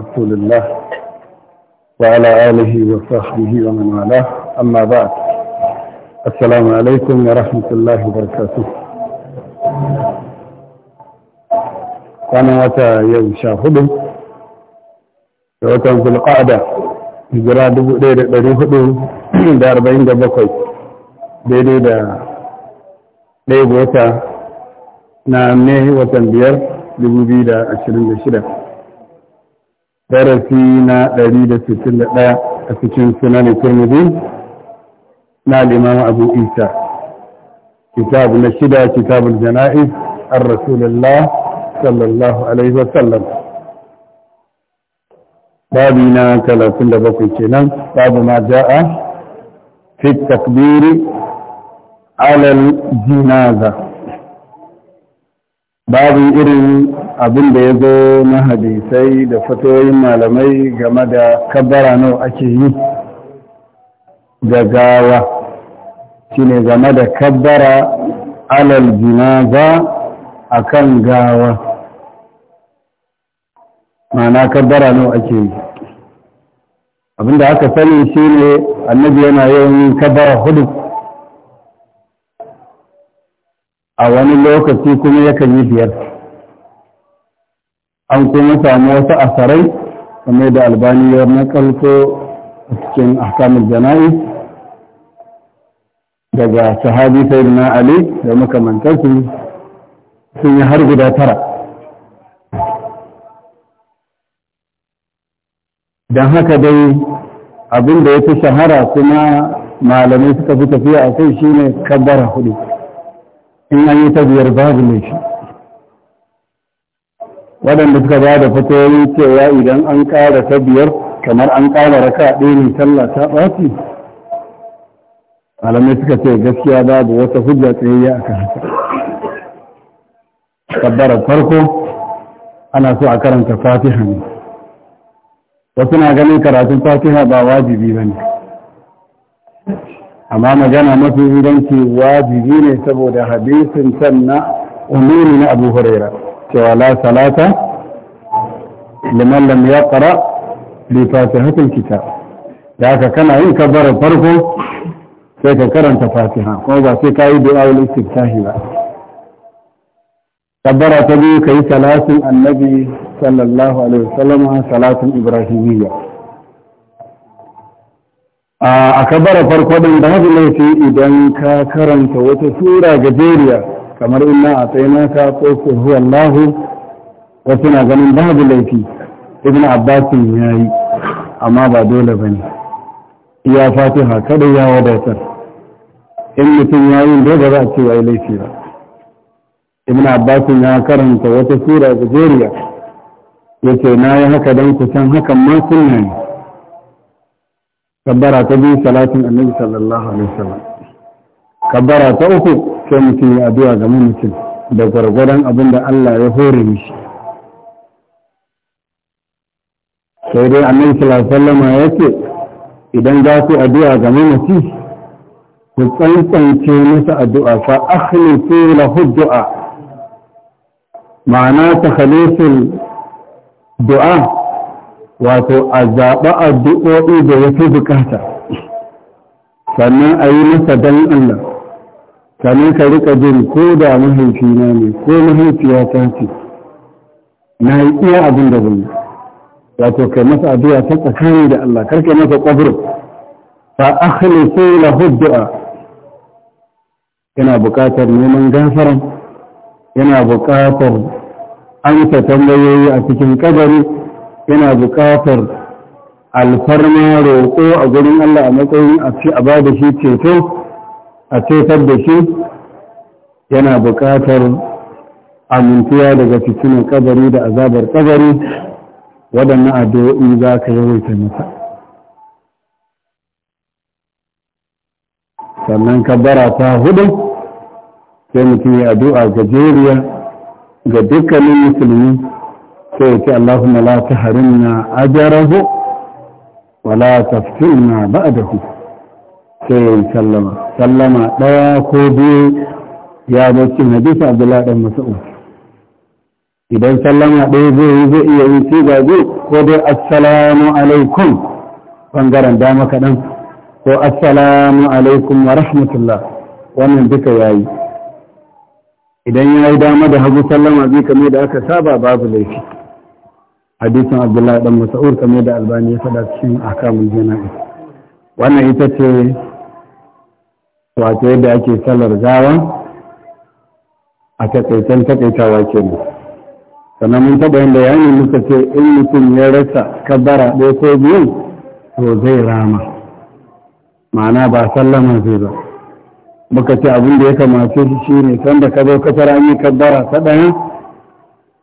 رسول الله وعلى آله وصحبه ومن والاه أما بعد السلام عليكم ورحمة الله وبركاته أنا وتا يوم شاهد وتا في القعدة hijira 1447 daidai da ɗaya wata na mai watan biyar 2026 darasi na 161 a cikin sunanin turmudi na liman abu isa kitab na shida kitabul jana'iz an rasulullah sallallahu alaihi wasallam babi na 37 kenan babu ma ja'a fi takbiri alal jinaza babu irin abin da ya zo na hadisai da fatoyin malamai game da kabbara nawa ake yi Da gawa shine game da kabbara alal jinaza kan gawa ma'ana kabbara nawa ake yi abinda aka sani shine annabi yana yin kabbara hudu a wani lokaci kuma yakan yi biyar an kuma samu wasu asarai kamar da albaniyar na nakalko a cikin ahkamul jana'i daga sahabi sayyidina ali da makamantarsu sun yi har guda tara don haka dai abinda da ya fi shahara kuma malamai suka fi tafiya a kai shine kabbara hudu in an yi ta biyar babu mai shi waɗanda suka ba da fatoyi cewa idan an ƙara ta biyar kamar an ƙara raka ɗaya ne sallah ta ɓaci malamai suka ce gaskiya babu wata hujja tsayayya a kan haka kabbarar farko ana so a karanta fatiha ne wasu na ganin karatun fatiha ba wajibi ba ne amma magana mafi inganci wajibi ne saboda hadisin can na umuri na abu huraira cewa la salata liman lam yaqra bi fatihatil kitab da aka kana yin kabbarar farko sai ka karanta fatiha kuma ba sai ka yi du'a'ul istiftahi ba kabbara ta biyu ka yi salatin annabi sallallahu alaihi wasallam salatin ibrahimiyya a kabara farko din da haka laifi idan ka karanta wata sura gajeriya kamar ina a ka ko zuwa lahu wasu na ganin babu laifi ibn abbasin ya yi amma ba dole ba ne haka fatiha kada ya wadatar in mutum ya yi da za a ce wa laifi ba ibn abbasin ya karanta wata sura gajeriya ya ce na yi haka don kusan hakan ma sunna ne kabbara ta biyu salatin annabi sallallahu alaihi wasallam kabbara ta uku sai mutum ya addu'a ga mutum da gwargwadon abin da Allah ya hore shi. sai dai annabi sallallahu alaihi wasallam ya ce idan za ku addu'a ga mamaci ku tsantsance masa addu'a fa akhlisu lahu du'a ma'ana ta khalisul du'a wato a zaɓa addu'o'i da ya fi bukata sannan a yi masa don Allah sannan ka rika jin ko da mahaifina ne ko mahaifiyata ce na yi iya abin da zai wato kai masa addu'a ta tsakani da Allah karka masa kwabro fa akhlisu lahu du'a yana buƙatar neman gafara yana buƙatar amsa tambayoyi a cikin kabari yana buƙatar alfarma roƙo a gurin Allah a matsayin a ce a ba da shi ceto a cetar da shi yana bukatar amintuwa daga cikin kabari da azabar kabari waɗannan addu'o'i za ka yawaita masa sannan Kabara ta hudu sai mutum ya addu'a gajeriya ga dukkanin musulmi sai ya ce Allahumma la harinna ajarahu wa la taftilna ba'dahu sai ya sallama sallama daya ko biyu ya bacci bisa Abdullahi dan Mas'ud idan sallama ɗaya zai yi zai iya yi ci gaje ko dai assalamu alaikum bangaren dama kaɗan ko assalamu alaikum wa rahmatullah wannan duka yayi idan ya yi dama da hagu sallama zai kamar da aka saba babu laifi hadisin abdullahi dan mas'ud kamar da albani ya faɗa cikin akamun jana'i wannan ita ce wato yadda ake sallar gawa a takaitan takaitawa nan. sannan mun taɓa yin bayani muka ce in mutum ya rasa kabbara ɗaya ko biyu to zai rama ma'ana ba sallama zai ba muka ce abin da ya kamace shi ne sanda ka zo ka tara an yi kabbara ta ɗaya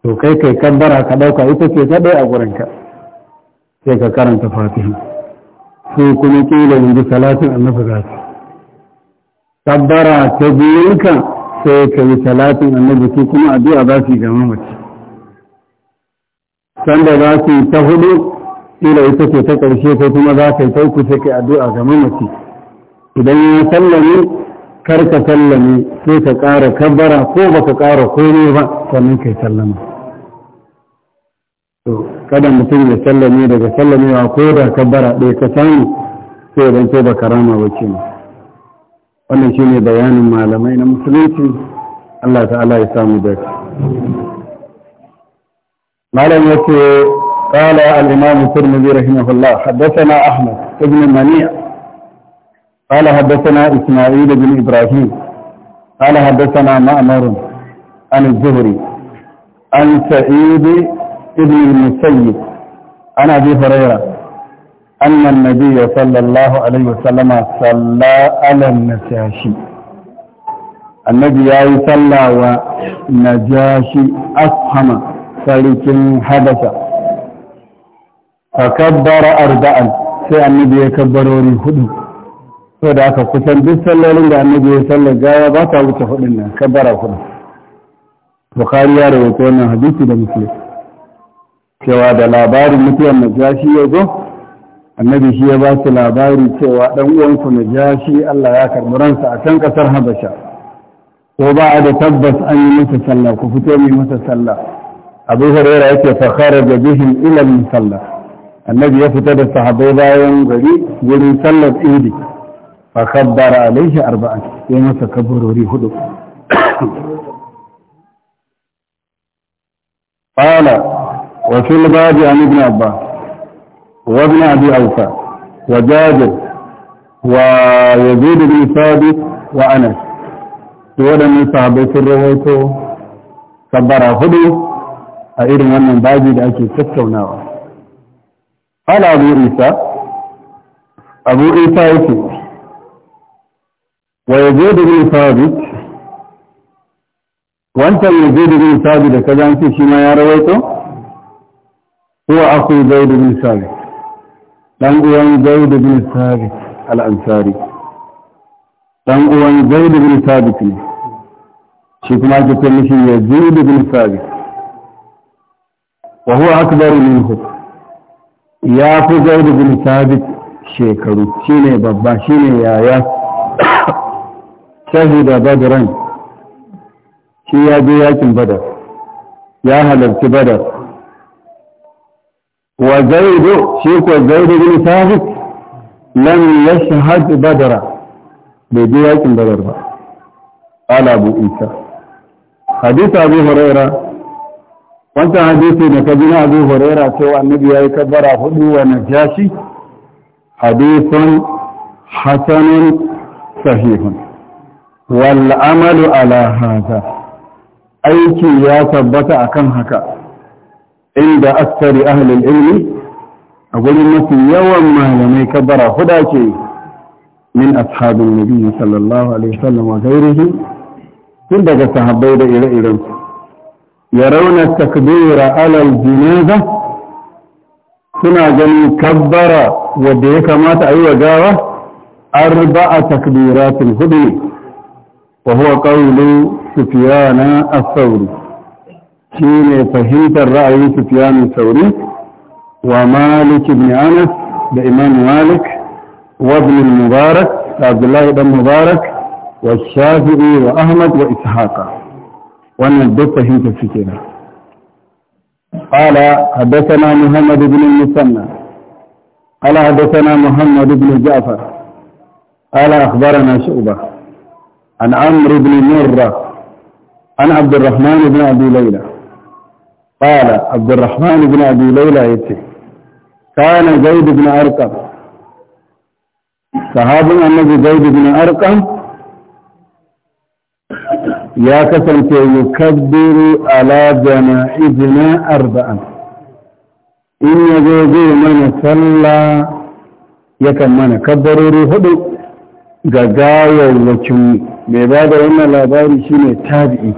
to kai kai kabbara ka ɗauka ita ce dai a ka sai ka karanta fatiha sai kuma ƙila yanzu salatin annabi za ta kabbara ta biyunka sai ka yi salatin annabi su kuma addu'a za su yi ga mamaci sanda za su yi ta hudu kila ita ce ta ƙarshe ko kuma za ka yi ta uku sai ka yi addu'a ga mamaci idan ya sallame kar ka sallame sai ka ƙara kabbara ko ba ka ƙara kome ba sannan kai sallama to kada mutum ya sallame daga sallamewa ko da kabbara ɗaya ka samu sai ya ce ba karama ba ce wannan shine bayanin malamai na musulunci Allah ta'ala ya samu da malam yace قال الإمام الترمذي رحمه الله حدثنا أحمد بن منيع قال حدثنا إسماعيل بن إبراهيم قال حدثنا مأمر عن الزهري عن سعيد بن المسيب عن أبي هريرة أن النبي صلى الله عليه وسلم صلى على النجاشي النبي ياي صلى ونجاشي أصحم سلك حدث فكبر أربعا سي النبي يكبر وري Sau da aka kusan duk sallolin da annabi ya sallar gawa ba ta wuce hudun nan kabbara hudu bukhari ya rawaito wannan hadisi da muke. cewa da labarin mutuwar najashi ya zo annabi shi ya ba su labari cewa dan uwansu najashi Allah ya karbi ransa a can kasar habasha ko ba a da tabbas an yi masa sallah ku fito mai masa sallah abu hurairah yake fa kharaja bihim ila musalla annabi ya fita da sahabbai bayan gari wurin sallar idi فكبر عليه أربعة يوم إيه تكبر ريهد قال وفي الباب عن ابن أبا وابن أبي أوفى وجاد ويزيد بن ثابت وأنس سورة من صحابي في الروايط هدو أئر من من باجي لأكي تكتونا قال أبو إيسا أبو إيسا يسير ويزيد بن ثابت وانت يزيد بن ثابت كذا انت شما يا رويته هو اخو زيد بن ثابت dan uwan Zaid bin Thabit al dan uwan Zaid bin Thabit ne shi kuma ake ce mishi Yazid bin Thabit wa huwa akbar minhu ya fi Zaid bin Thabit shekaru shine babba shine yaya shahida badran shi ya je yakin badar ya halarci badar wa zaidu shi ko zaidu bin sabit lam yashhad badara bai je yakin badar ba ala abu isa hadith abu huraira wancan hadisi ne ka na abu huraira cewa annabi ya yi kabbara hudu wa najashi hadisun hasanun sahihun والعمل على هذا أيكي يا ثبت هكا عند أكثر أهل العلم أقول لك يوم ما لميك برا خداكي من أصحاب النبي صلى الله عليه وسلم وغيره ثم دقت هبيد إلى إذن يرون التكبير على الجنازة ثم جل كبرة وديك مات أي أيوة جاوة أربع تكبيرات هدنه وهو قول سفيان الثوري حين فهمت الرأي سفيان الثوري ومالك بن أنس بإمام مالك وابن المبارك عبد الله بن مبارك والشافعي وأحمد وإسحاق وأن الدب فهمت السكينة قال حدثنا محمد بن المثنى قال حدثنا محمد بن جعفر قال أخبرنا شعبة عن عمرو بن مرة عن عبد الرحمن بن أبي ليلى قال عبد الرحمن بن أبي ليلى يتي كان زيد بن أرقم صحابي النبي زيد بن أرقم يا كثر يكبر على جنائزنا أربعا إن يجوزي من صلى يكن من كبروا هدو ga gawawacin mai ba da wannan labari shine tabi'i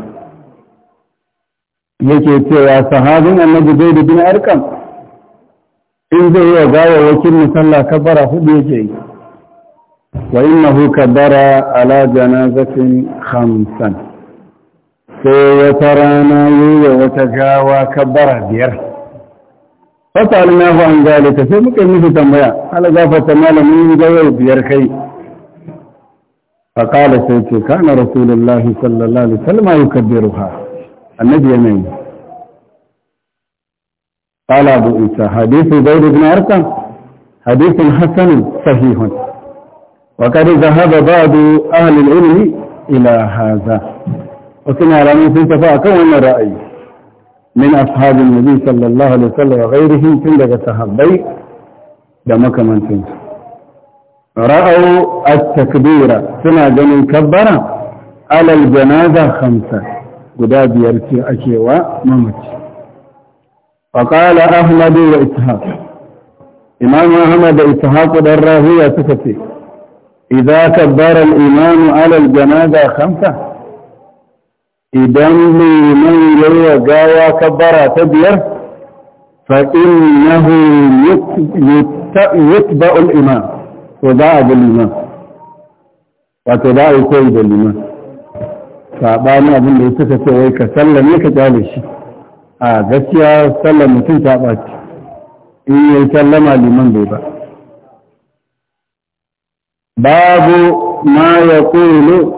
yake cewa sahabin annabi zai da bin arkan in zai yi wa wakil musalla kabbara hudu yake yi wa innahu kabbara ala janazatin khamsan sai wata rana yi wa wata gawa kabbara biyar fata alinahu an ta sai muka yi musu tambaya ala gafarta malamin gawar biyar kai faƙala sai ce kana rasulullahi sallallahu alaihi wasallam yukabbiruha annabi yana yi qala abu isa hadithu zaid ibn arqam hadithun hasanun sahihun wa qad dhahaba ba'du ahli al-ilm ila hadha wasu malamai sun tafi akan wannan ra'ayi min ashabin nabi sallallahu alaihi wasallam wa ghairihim tun daga sahabbai da makamantansu رأوا التكبير سنة جنون كبرة على الجنازة خمسة قداد يرتي أشيواء ممت فقال أحمد وإسحاق إمام أحمد إسحاق الراهية تفتي إذا كبر الإمام على الجنازة خمسة إذن liman ya yi wa gawa kabbara ta biyar to a bi liman wato ba a yi koyi da liman saɓanin abin da ya suka ce wai ka ne ka kyale shi a gaskiya sallar mutum ta ɓaci in yi sallama liman bai ba babu ma ya kulu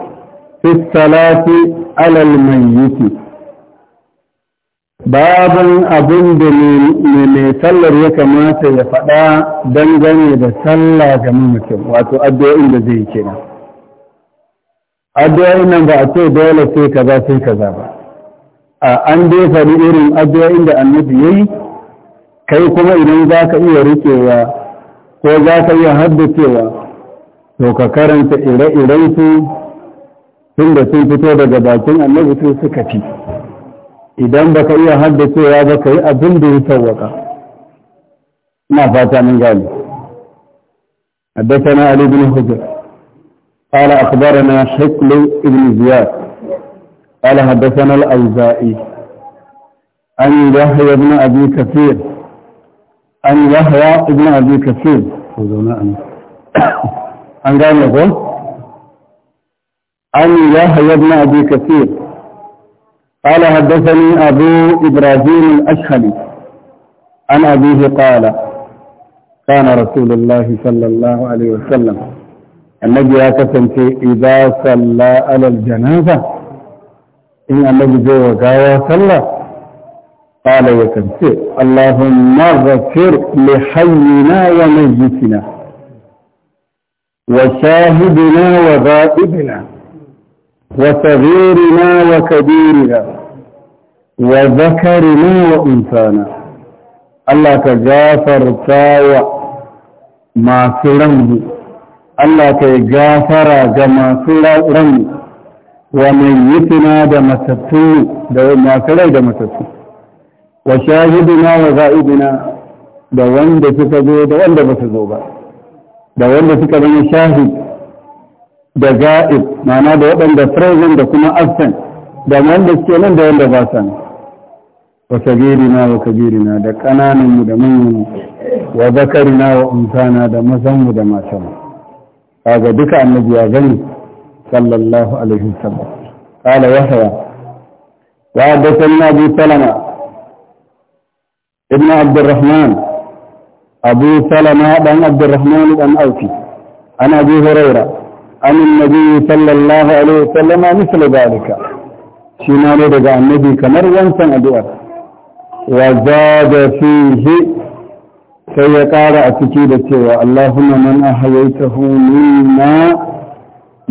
fi salati alal mayyiti babin abin da mai sallar ya kamata ya faɗa dangane da sallah ga mutum wato addu'o'in da zai kenan addu'o'in nan ba a ce dole sai kaza sai kaza ba a an dai faɗi irin addu'o'in da annabi yayi kai kuma idan za ka iya rikewa? ko za ka iya haddacewa to ka karanta ire-irensu tun da sun fito daga bakin annabi sun suka fi idan baka iya haddacewa ba ka yi abin da ya sauwaka ina fata mun gane حدثنا علي بن حجر قال أخبرنا شكل بن زياد قال حدثنا الأوزائي عن يحيى بن أبي كثير عن يحيى بن أبي كثير عن قال يقول عن يحيى بن أبي كثير قال حدثني أبو إبراهيم الأشهلي عن أبيه قال كان رسول الله صلى الله عليه وسلم النبي يا في إذا صلى على الجنازة إن النبي جو وقاوى صلى قال يا اللهم اغفر لحينا وميتنا وشاهدنا وغائبنا وصغيرنا وكبيرنا وذكرنا وأنثانا الله كجافر تاوى ما سلمه الله كجافر جما سلمه وميتنا دمتتو ما سلم دمتتو وشاهدنا وغائبنا da wanda suka zo da wanda ba su zo ba da wanda suka zama shahid da za'ib, mana da waɗanda frozen da kuma absent da wanda suke nan da wanda ba sa nan wa kabirina wa kabirina da ƙanananmu da manyanmu wa zakarina wa umtana da mazanmu da matanmu kaga duka annabi ya gani sallallahu alaihi wasallam qala yahya wa hadathana abu salama ibn abd arrahman abu salama dan abd arrahman dan auki. Ana bi hurairah عن النبي صلى الله عليه وسلم مثل ذلك شينا لدى النبي كمر وانسان أدوار وزاد فيه سيقال أتكيدة اللهم من أحييته منا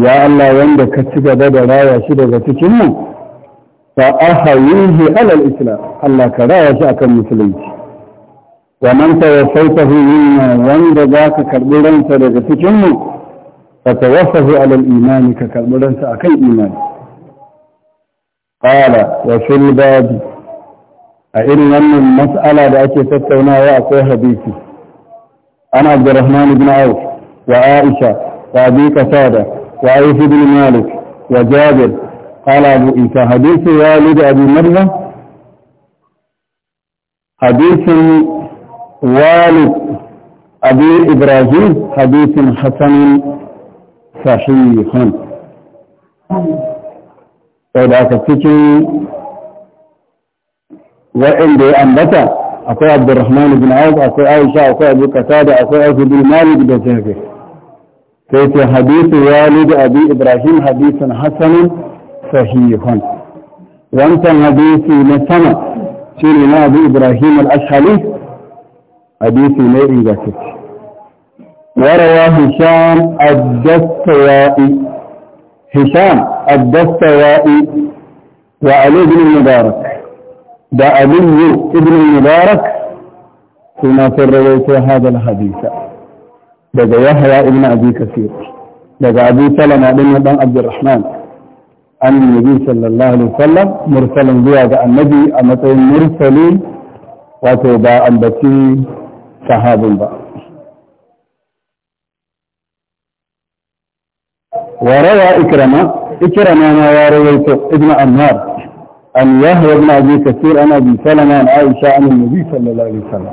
يا الله وندك تجد رايا شدة تكينا فأحييه على الإسلام الله كرايا شاك المسلمين ومن توفيته منا وندك كربلا سيدة تكينا فتوفه على الإيمان ككبرنس أكي إيمان قال وفي الباب أئن المسألة التي تتوناها أقوى حديثي أنا عبد الرحمن بن عوف وعائشة وأبي قتادة وعيف بن مالك وجابر قال أبو إيسى حديث والد أبي مرة حديث والد أبي إبراهيم حديث حسن sahihan sau da aka cikin wa'inda ya ambata akwai abdurrahman ibn auf akwai aisha akwai abu da akwai abu bin malik da jirgin sai ce hadithu walid abi ibrahim hadithun hasanun sahihun wancan Hadisu na sama shi ne na abu ibrahim al-ashhali hadisi ne ingantacce وروى هشام الدستوائي هشام الدستوائي وعلي بن المبارك ده علي بن المبارك فيما رويت هذا الحديث ده يحيى بن أبي كثير ده أبي سلمة بن عبد الرحمن عن النبي صلى الله عليه وسلم مرسلا بها النبي أمتين مرسلين وتبا أنبتي صحاب البعض وروى إكرمة إكرمة ما ورويته ابن أمار أن يهوى ابن أبي كثير أن أبي سلم عن عائشة عن النبي صلى الله عليه وسلم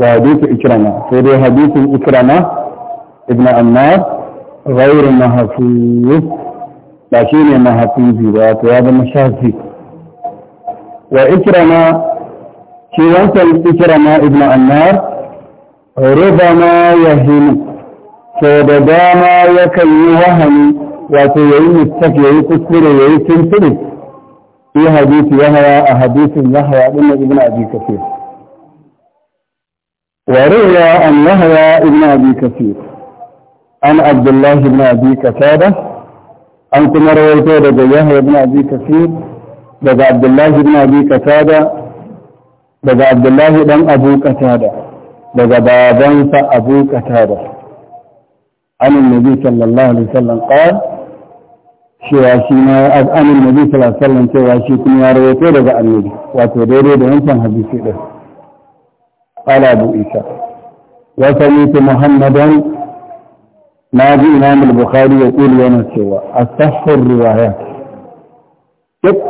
وحديث إكرمة فهذا حديث إكرمة ابن أمار غير محفوظ لكن محفوظ ذات هذا مشاهد وإكرمة في وانت إكرمة ابن أمار ربما يهمك sau da dama yakan yi wahani wato ya yi mistake ya yi kuskure ya yi tuntuni fi hadisi yahaya a hadisin yahaya din na ibn abi kafir wa riya an yahaya ibn abi kafir an abdullah ibn abi katada an kuma rawaito daga yahaya ibn abi kafir daga abdullah ibn abi katada daga abdullah dan abu katada daga babansa abu katada عن النبي صلى الله عليه وسلم قال شواشينا عن النبي صلى الله عليه وسلم شواشيكم يا رويتو لغا النبي واتوديري دونسان حديثي له قال أبو إيسى وسميت محمدا ناجي إمام البخاري يقول يوم سوى أصح الروايات duk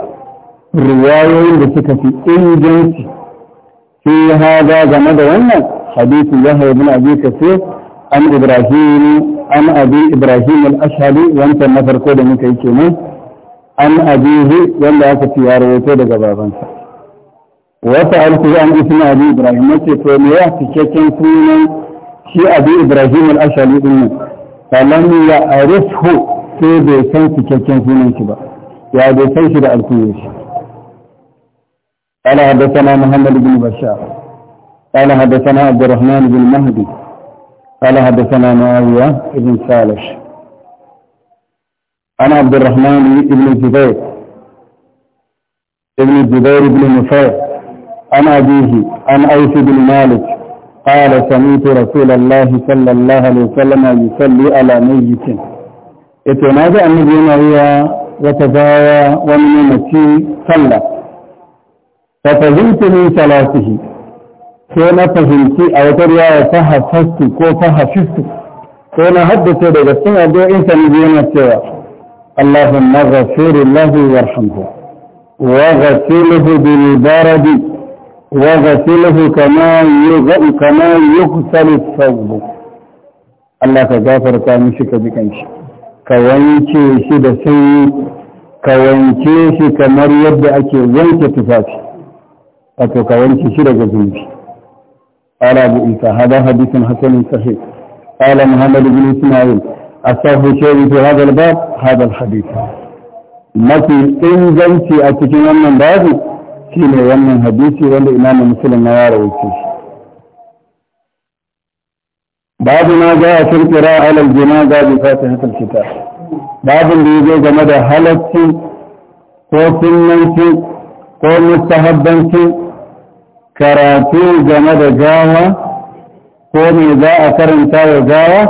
riwayoyin da suka fi inganci fi haza game da wannan hadisi ya haibu na abi kasir an ibrahim an abi ibrahim al-ashhali wancan na farko da muka yi kenan an abihi wanda aka ci ya rawaito daga babansa wata alku an isma abi ibrahim nace to me ya cikakken sunan shi abi ibrahim al-ashhali din nan falam ya arifhu sai bai san cikakken sunan shi ba ya bai san shi da alkuyin shi قال حدثنا محمد بن بشار قال حدثنا عبد الرحمن بن مهدي قال حدثنا معاوية بن صالح عن عبد الرحمن بن الزبير ابن الزبير بن نفير عن أبيه عن أوس بن مالك قال سميت رسول الله صلى الله عليه وسلم يصلي على ميت يتنادى النبي مريا وتداوى ومن متي صلى ففزنت من صلاته sai na fahimci a wata yawa ta hafastu ko ta hafistu sai na haddace daga cikin addu'o'in sa ne yana cewa Allahumma ghafir lahu warhamhu wa ghasiluhu bil baradi wa ghasiluhu kama yughsalu kama yughsalu thawb Allah ka gafarta mishi ka bikan shi ka wanke shi da sanyi ka wanke shi kamar yadda ake wanke tufafi wato ka wanke shi daga zunubi قال أبو إنسى هذا حديث حسن صحيح قال محمد بن إسماعيل أصحب شيء في هذا الباب هذا الحديث مثل إن زنتي أتكي من بابي كين يمن حديثي والامام إمام مسلم ما يارو يتشيش باب ما جاء في القراءة على الجنازة بفاتحة الكتاب باب الذي جاء مدى حلتي قوة النمتي قوة مستهبنتي karatu game da gawa ko me za a karanta wa gawa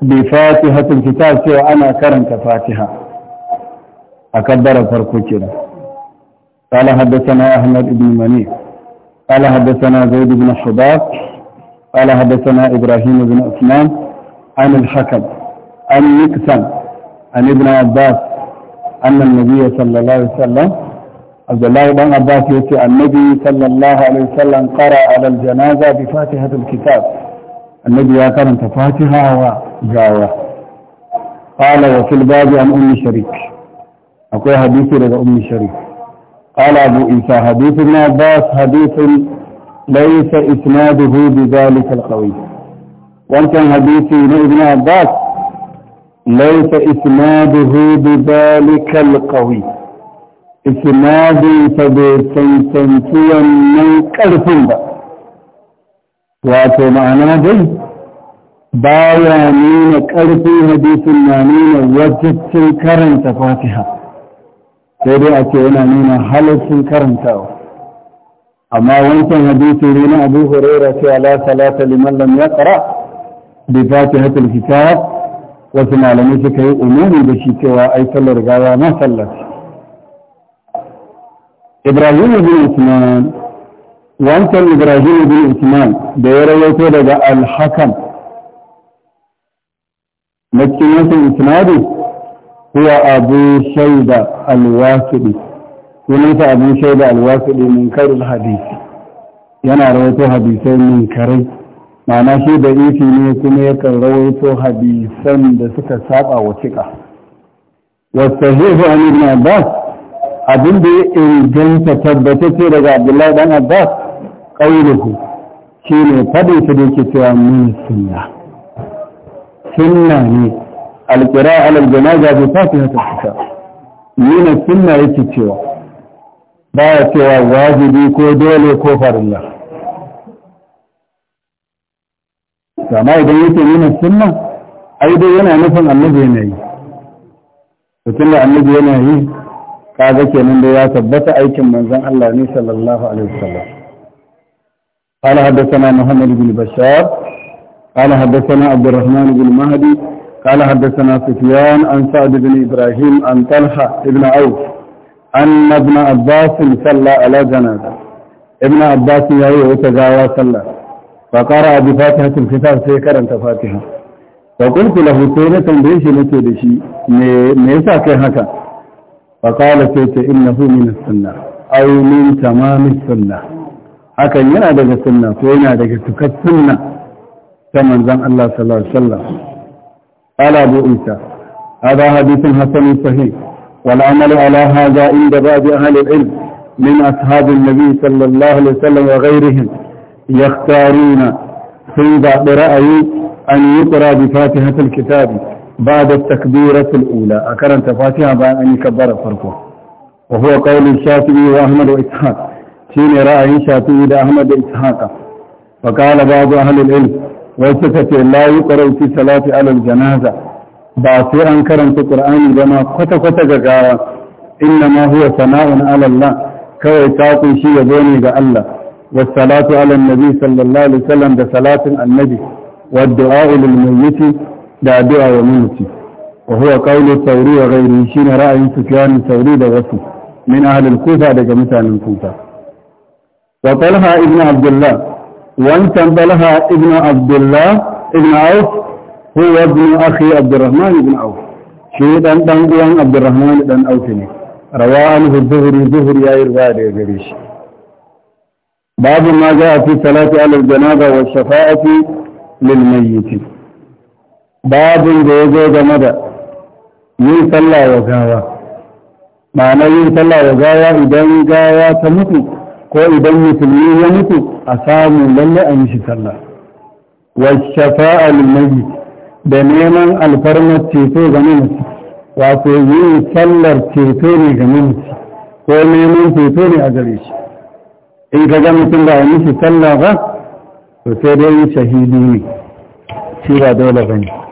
bi fatihatul kitab cewa ana karanta fatiha a kaddara farko kenan قال حدثنا أحمد بن منيع قال حدثنا زيد بن حباب قال حدثنا إبراهيم بن عثمان عن الحكم عن مكسن عن ابن عباس أن النبي صلى الله عليه وسلم عبد الله بن عباس يأتي النبي صلى الله عليه وسلم قرأ على الجنازة بفاتحة الكتاب النبي يا أنت فاتحة وجاوة قال وفي الباب عن أم شريك أقول حديث لدى أم شريك قال أبو إيسى حديث ابن عباس حديث ليس إسناده بذلك القوي وانت حديث ابن عباس ليس إسناده بذلك القوي isnadinsa bai cancanci wannan ƙarfin ba wato ma'ana dai baya nuna ƙarfin hadisin na nuna wajibcin karanta fatiha sai dai ake yana nuna halaccin karantawa amma wancan hadisi ne na abu huraira cewa la salata liman lam yaqra bi fatihatil kitab wasu malamai suka yi umuri da shi cewa ai sallar gawa na sallar Ibrahim bin Usman wancan Ibrahim bin Usman da ya rawaito daga Al-Hakam na cikin yankin Isnadi huwa Abu Shaida Al-Wasiɗi sunansa Abu Shaida Al-Wasiɗi min karul hadisi yana rawaito hadisai min karai ma'ana shi da ifi ne kuma yakan rawaito hadisan da suka saba wa cika wasu sahihu an na Abbas abin da ya inganta tabbatacce daga abdullahi dan abbas ƙauluhu shi ne faɗin su da yake cewa min sunna sunna ne alƙira alal janaza bi fatiha ta kitab min sunna yake cewa baya cewa wajibi ko dole ko farilla amma idan yake min sunna ai dai yana nufin annabi yana yi mutum da annabi yana yi kaga kenan da ya tabbata aikin manzon Allah ne sallallahu alaihi wasallam قال حدثنا محمد بن بشار قال حدثنا عبد الرحمن بن مهدي قال حدثنا سفيان عن سعد بن إبراهيم عن طلحة بن عوف أن ابن عباس صلى على جنازة ابن عباس يأي وتجاوى صلى فقرأ بفاتحة الكتاب سيكرا فاتحة فقلت له سيرة بيش نتي بشي ميسا كي هكا فقال كيف إنه من السنة أو من تمام السنة هكذا ينا دك السنة فينا دك تك السنة كما زم الله صلى الله عليه وسلم قال أبو إيسا هذا حديث حسن صحيح والعمل على هذا عند بعض أهل العلم من أصحاب النبي صلى الله عليه وسلم وغيرهم يختارون في بعض رأي أن يقرأ بفاتحة الكتاب ba da takbiratulula a karanta fatiha bayan an yi kabbara farko wa huwa qawlu shafi'i wa ahmad wa ishaq shine ra'ayin shafi'i da ahmad da ishaq wa qala ba'du ahli al-ilm wa suka ce la yuqra'u fi janaza ba sai an karanta qur'ani ba ma kwata kwata gagawa inna ma huwa sana'un ala kawai ta kunshi ya zo ne ga allah wa salatu ala nabi sallallahu alaihi wasallam da salatin annabi wa du'a'u lil mayyit دعاء يمنتي وهو قول الثوري وغير شين رأي سفيان الثوري دغسي من أهل الكوفة دجمتان الكوفة وطلها ابن عبد الله وانت انطلها ابن عبد الله ابن عوف هو ابن أخي عبد الرحمن ابن عوف شهد أن تنقوان عبد الرحمن ابن عوفني رواه الظهري ظهري يا إرغاد يا جريش بعض ما جاء في صلاة أهل الجنابة والشفاعة للميتين babin da ya zo game da yin sallah wa gawa ma'ana yin sallah wa gawa idan gawa ta mutu ko idan musulmi ya mutu a samu lalle a mishi sallah wa shafa'a lil da neman alfarmar ceto game mutu wato yin sallar ceto ne game mutu ko neman ceto ne a gare shi in ka ga mutum ba a mishi sallah ba to sai dai shahidi ne shi ba dole ba ne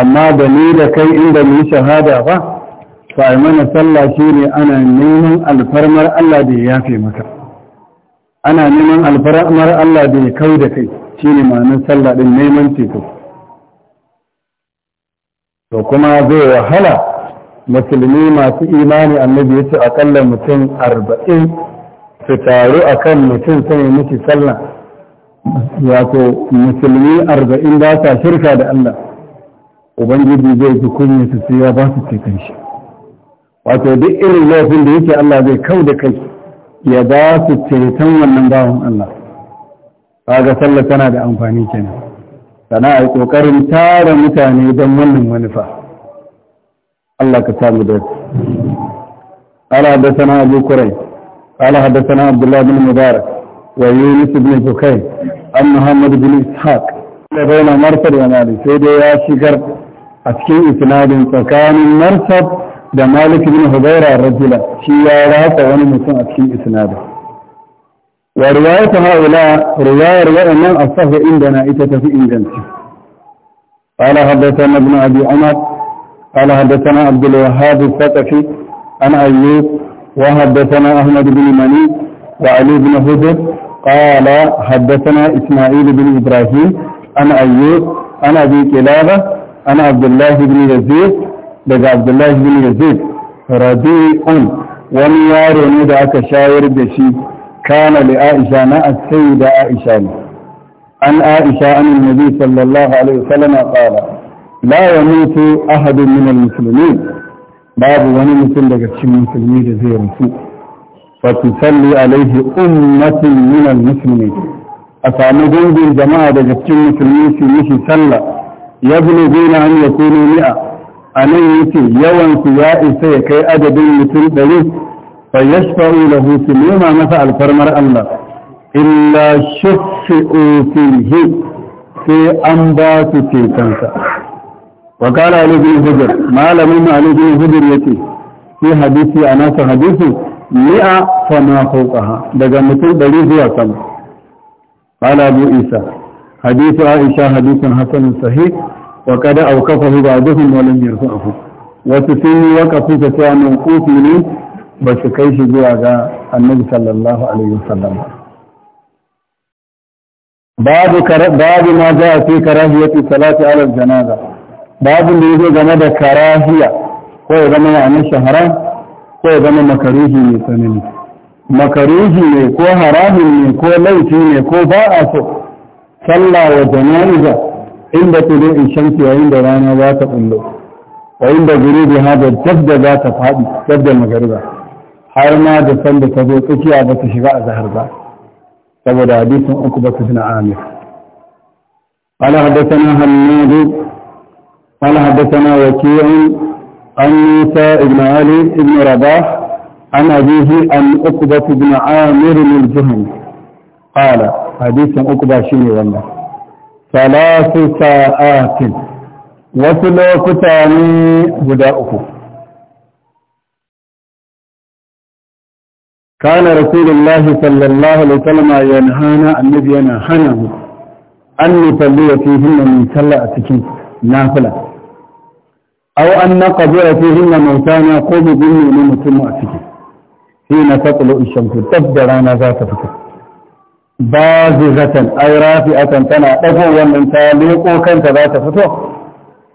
amma da ni da kai inda mu shahada ba to ai mana sallah shine ana neman alfarmar Allah da ya yafe maka ana neman alfarmar Allah da ya kau da kai shine ma'anar sallah din neman ceto to kuma zai wahala musulmi masu imani annabi ya ce akalla mutum arba'in su taru a kan mutum sai miki sallah wato musulmi arba'in ba sa shirka da Allah ubangiji zai fi kunya su sai ya ba su cikin shi wato duk irin laifin da yake Allah zai kauda kai ya ba su ceton wannan bawan Allah kaga sallah tana da amfani kenan sana a kokarin tara mutane don wannan manufa Allah ka samu da su ala haddathana abu kurai ala haddathana abdullah bin mubarak wa yunus bin bukai an muhammad bin ishaq da bayna marfar yana sai dai ya shigar a cikin isnadin tsakanin marsab da malik bin hudaira rajula shi ya ratsa wani mutum a cikin isnadin wa riwayatu haula riwayar wa'annan asafa indana ita tafi inganci قال حدثنا ابن ابي عمر قال حدثنا عبد الوهاب الثقفي عن ايوب وحدثنا احمد بن مني وعلي بن هدر قال حدثنا اسماعيل بن ابراهيم عن ايوب عن ابي كلابه انا عبد الله بن يزيد بن عبد الله بن يزيد رضي عن ونيار ونيد اكشاير بشي كان لعائشه ناء السيدة عائشه عن عائشه عن النبي صلى الله عليه وسلم قال لا يموت أحد من المسلمين باب وني مسلم لك المسلمين زي رسول فتصلي عليه أمة من المسلمين اتعمدون بالجماعة لك المسلمين في مشي صلى yablughuna an ya yakunu mi'a anan yace yawan su ya isa ya kai adadin mutum ɗari fa yashfa'u da hutu nema masa alfarmar Allah illa shafi'u fihi sai an ba su cetonsa wa qala Ali bin Hujr malamin Ali bin Hujr yace sai hadisi a nasa hadisi mi'a fa ma fawqaha daga mutum ɗari zuwa sama Bala Abu Isa حديث عائشة حديث حسن صحيح وقد أوقفه بعضهم ولم يرفعه وتسين وقفه تسوى موقوف منه بشكيش جواغا النبي صلى الله عليه وسلم باب كر... باب ما جاء في كراهية صلاة على الجنازة باب اللي يجي جمد كراهية هو يغنى عن شهران هو يغنى مكروهي ميسانين مكروهي ميكو حرام ميكو ليتي ميكو باعثو صلى وجنائز عند طلوع الشمس وعند رانا ذات الله وعند غروب هذا الجفد ذات فاضي جفد المغربة حرما دفن بتبو تكي عبت شفاء زهر ذات تبو الحديث عقبة بن عامر قال حدثنا حماد قال حدثنا وكيع عن موسى بن علي بن رباح عن أبيه عن عقبة بن عامر الجهني قال hadisin uku ba shi ne wannan salatu sa'atin wasu lokuta ne guda uku kana rasulullahi sallallahu alaihi wasallam yanhana annabi yana hana mu an nusalli wa fihinna min talla a cikin nafila aw an naqdi wa fihinna mautana ko mu binne ne mutum a ciki hina tatlu ash-shamsu tabda rana za ta fita Ba bazizatan ai rafi'atan tana dago wannan ta leko kanta za ta fito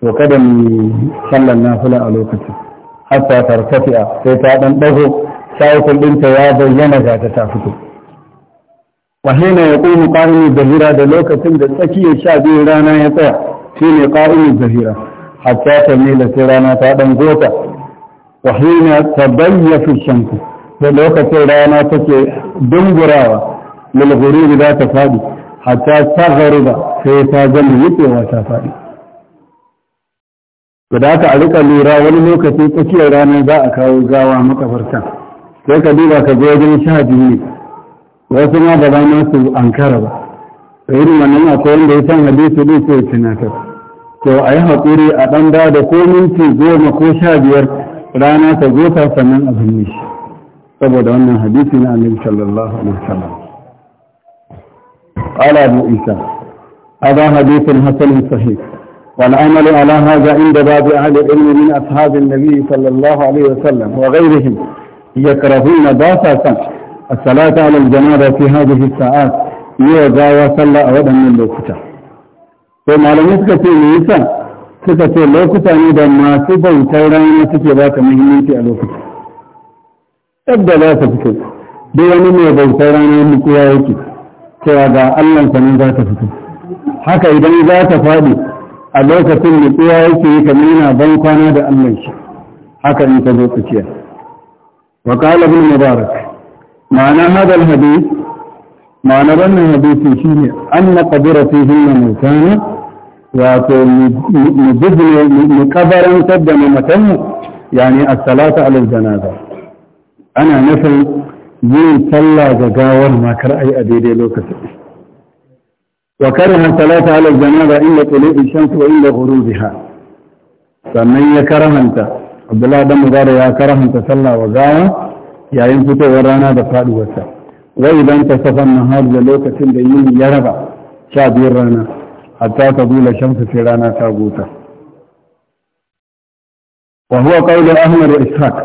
to kada mu sallan nafila a lokacin hatta tarkafi'a sai ta ɗan dago shaykhul ya bayyana ga ta ta fito wa ya yaqumu qa'imu zahira da lokacin da tsakiyar sha biyu rana ya tsaya shine qa'imu zahira hatta ta mila sai rana ta ɗan gota wa hina tabayyafu shamsu da lokacin rana take dungurawa lil ghururi ta faɗi hatta taghruba sai ta gama yitewa ta fadi a rika lura wani lokaci tsakiyar rana za a kawo gawa makafarta, sai ka duba ka je wajen sha biyu wasu ma ba zama su su ankara ba yi irin wannan akwai wanda ya san hadisi din sai tunatar to a yi haƙuri a ɗan da da ko minti goma ko sha biyar rana ta zo ta sannan abin shi saboda wannan hadisi na annabi sallallahu alaihi wasallam على أبو عيسى هذا حديث حسن صحيح والعمل على هذا عند بعض أهل العلم من أصحاب النبي صلى الله عليه وسلم وغيرهم يكرهون باسا الصلاة على الجنابة في هذه الساعات يوزا وصلى أودا من لوكتا ومعلومة كثير نيسا suka ce lokuta ne da masu bautar rana suke ba ka muhimmanci a lokuta yadda za ka fito duk wani cewa ga Allahnka ne za ta fito haka idan za ta faɗi a lokacin da tsuwa yake yi kamar yana ban kwana da Allah shi haka in ta zo tsakiya wa qala ibn mubarak ma'ana hada hadith ma'ana wannan hadisi shine anna qabira fihi mutana wato mu bidne mu kabarantar da mu matan yani as-salatu ala janaza ana nufin yin sallah ga gawar makar ai a daidai lokacin wa karaha salata ala janaza inda tulu'i shamsu wa inda ghurubiha sannan ya karahanta abdullahi dan mubarak ya karahanta sallah wa gawa yayin fitowar rana da faduwarsa wa idan ta safan nahar da lokacin da yin ya raba sha biyar rana hatta ta bula shamsu sai rana ta gota wa huwa ahmad wa ishaq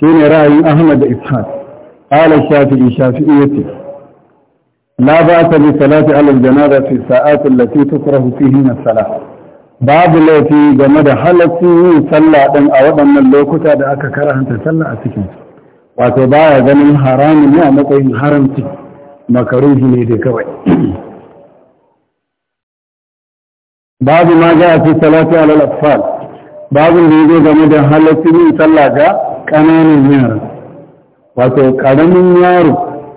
shine ra'ayin ahmad da ishaq قال الشافعي شافعيتي لا بأس بالصلاة على الجنازة في الساعات التي تكره فيهن الصلاة babu laifi game da halaccin yin sallah ɗin a waɗannan lokuta da aka karanta sallah a cikin wato baya ganin haramu ne a matsayin haramci makaruhi ne da kawai babu ma ga salatu ala babu da game da halaccin yin sallah ga ƙananan yara wato karamin yaro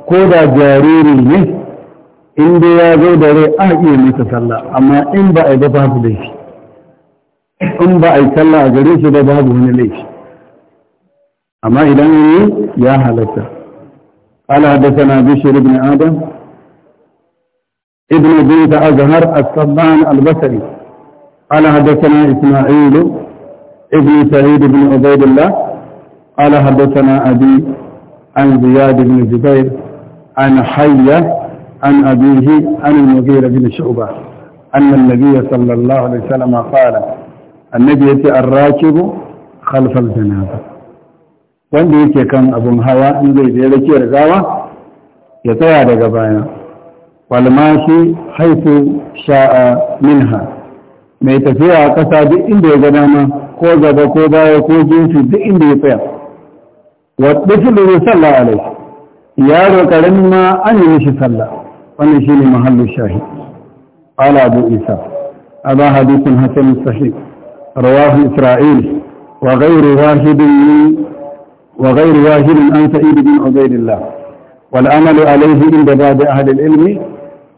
ko da jariri ne in dai ya zo da rai a iya mata sallah amma in ba a yi ba babu shi in ba a yi sallah a gare shi ba babu wani laifi amma idan yi ya halatta ala قال حدثنا بشير بن آدم ابن بنت أزهر الصبان البصري قال حدثنا إسماعيل ابن سعيد بن عبيد الله قال حدثنا أبي عن زياد بن جبير عن حية عن أبيه عن المغيرة بن شعبة أن النبي صلى الله عليه وسلم قال النبي يتي الراكب خلف الجنازة وعند يتي كان أبو مهاوى نبي يتي رقاوة يتي على قبائنا والماشي حيث شاء منها ما يتفيع قصادي إندي جنامة قوضة بقوضة وقوضة في دي إندي والطفل يصلى عليه يارو كرم ما أن يصلى ونشيل محل الشاهد قال أبو إيسى هذا حديث حسن صحيح رواه إسرائيل وغير واحد وغير واجب أن سعيد بن عبيد الله والأمل عليه عند بعض أهل العلم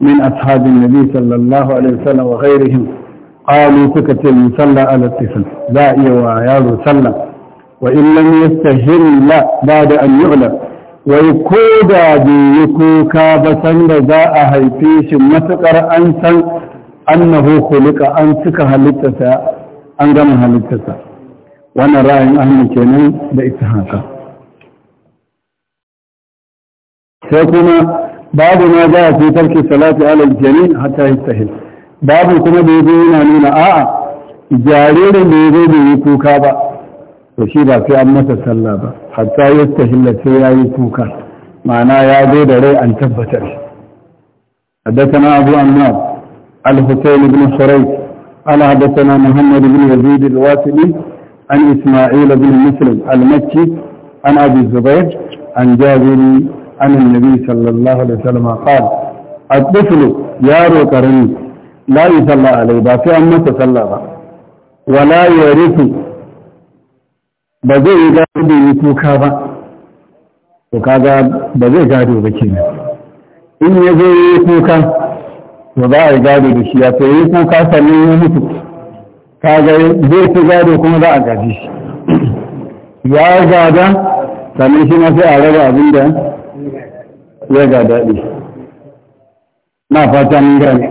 من أصحاب النبي صلى الله عليه وسلم وغيرهم قالوا سكت يصلى على الطفل لا يا يارو سلم وإن لم يستهل لا بعد أن يعلم ويكودا بيكوكا بسند ذا أهيفيش متقر أنسا أنه خلق أنسك هلتسا أنقم هلتسا وانا رأي أهل كنين بإتحاقا سيكون بعد ما جاء في ترك الصلاة على الجنين حتى يستهل بعد كما بيبين أنه آآ جاريرا بيبين يكوكا بقى to shi ba sai an masa sallah ba hatta yastahilla sai yayi kuka ma'ana ya zo da rai an tabbatar حدثنا أبو أنوار الحسين بن شريك قال حدثنا محمد بن يزيد الواسلي عن إسماعيل بن مسلم المكي عن أبي الزبير عن جابر عن النبي صلى الله عليه وسلم قال الطفل يا قرني لا يصلى عليه بافي أمة صلى ولا يرث ba zai yi gado da yi kuka ba to kaga ba zai gado ba kenan in ya zo yi kuka to za a yi gado da shi ya to yi kuka sannan ya mutu kaga zai fi gado kuma za a gaji shi ya gada sannan shi na sai a raba abin da ya gada ɗi na fata mun gane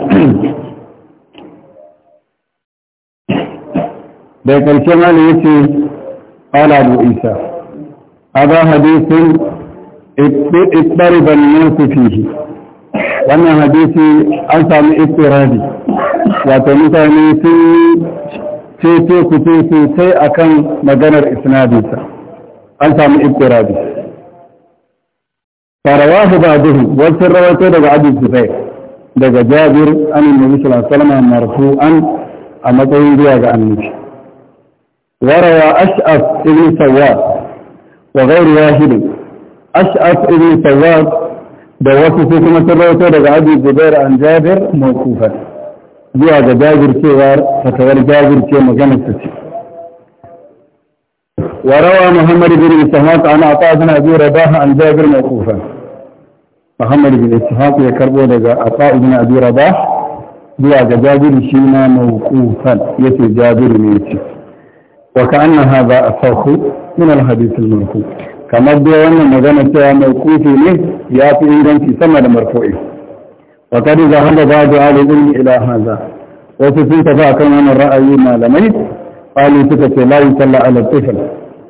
da ƙarshe hali ya ce قال أبو عيسى هذا حديث اضطرب الناس فيه wannan hadisi an sami istiradi wato mutane sun ceto ku ce sosai akan maganar isnadinsa an sami istiradi farawa su ba duhu wasu rawato daga abin sufai daga jabir an yi nabi sallallahu alaihi wasallam marfu'an a matsayin zuwa ga annabi وروى أشعف ابن سواد وغير واحد أشعف ابن سواد دواسي سيكما تروتو دقى أبي زبير عن جابر موقوفا zuwa جابر jajircewar fatawar jajirce maganar su ce. وروى محمد بن إسحاق عن عطاء بن أبي رباح عن جابر موقوفا محمد بن إسحاق يكربو لغا عطاء بن أبي رباح بيع جابر شينا موقوفا يتي جابر ميتي وكأن هذا الفرخ من الحديث المنفو كما بيه أن مدانة موقوف له يأتي إذن في سمع المرفوعي وقد ذهب بعض أهل العلم إلى هذا وفي تبع كما نرى ما لميت قالوا تكت لا يصلى على الطفل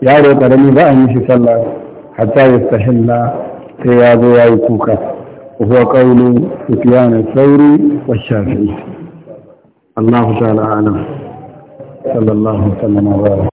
يا ريت رمي لا أن يصلى حتى يستحل في هذا وهو قول سفيان الثوري والشافعي الله تعالى أعلم صلى الله وسلم وبارك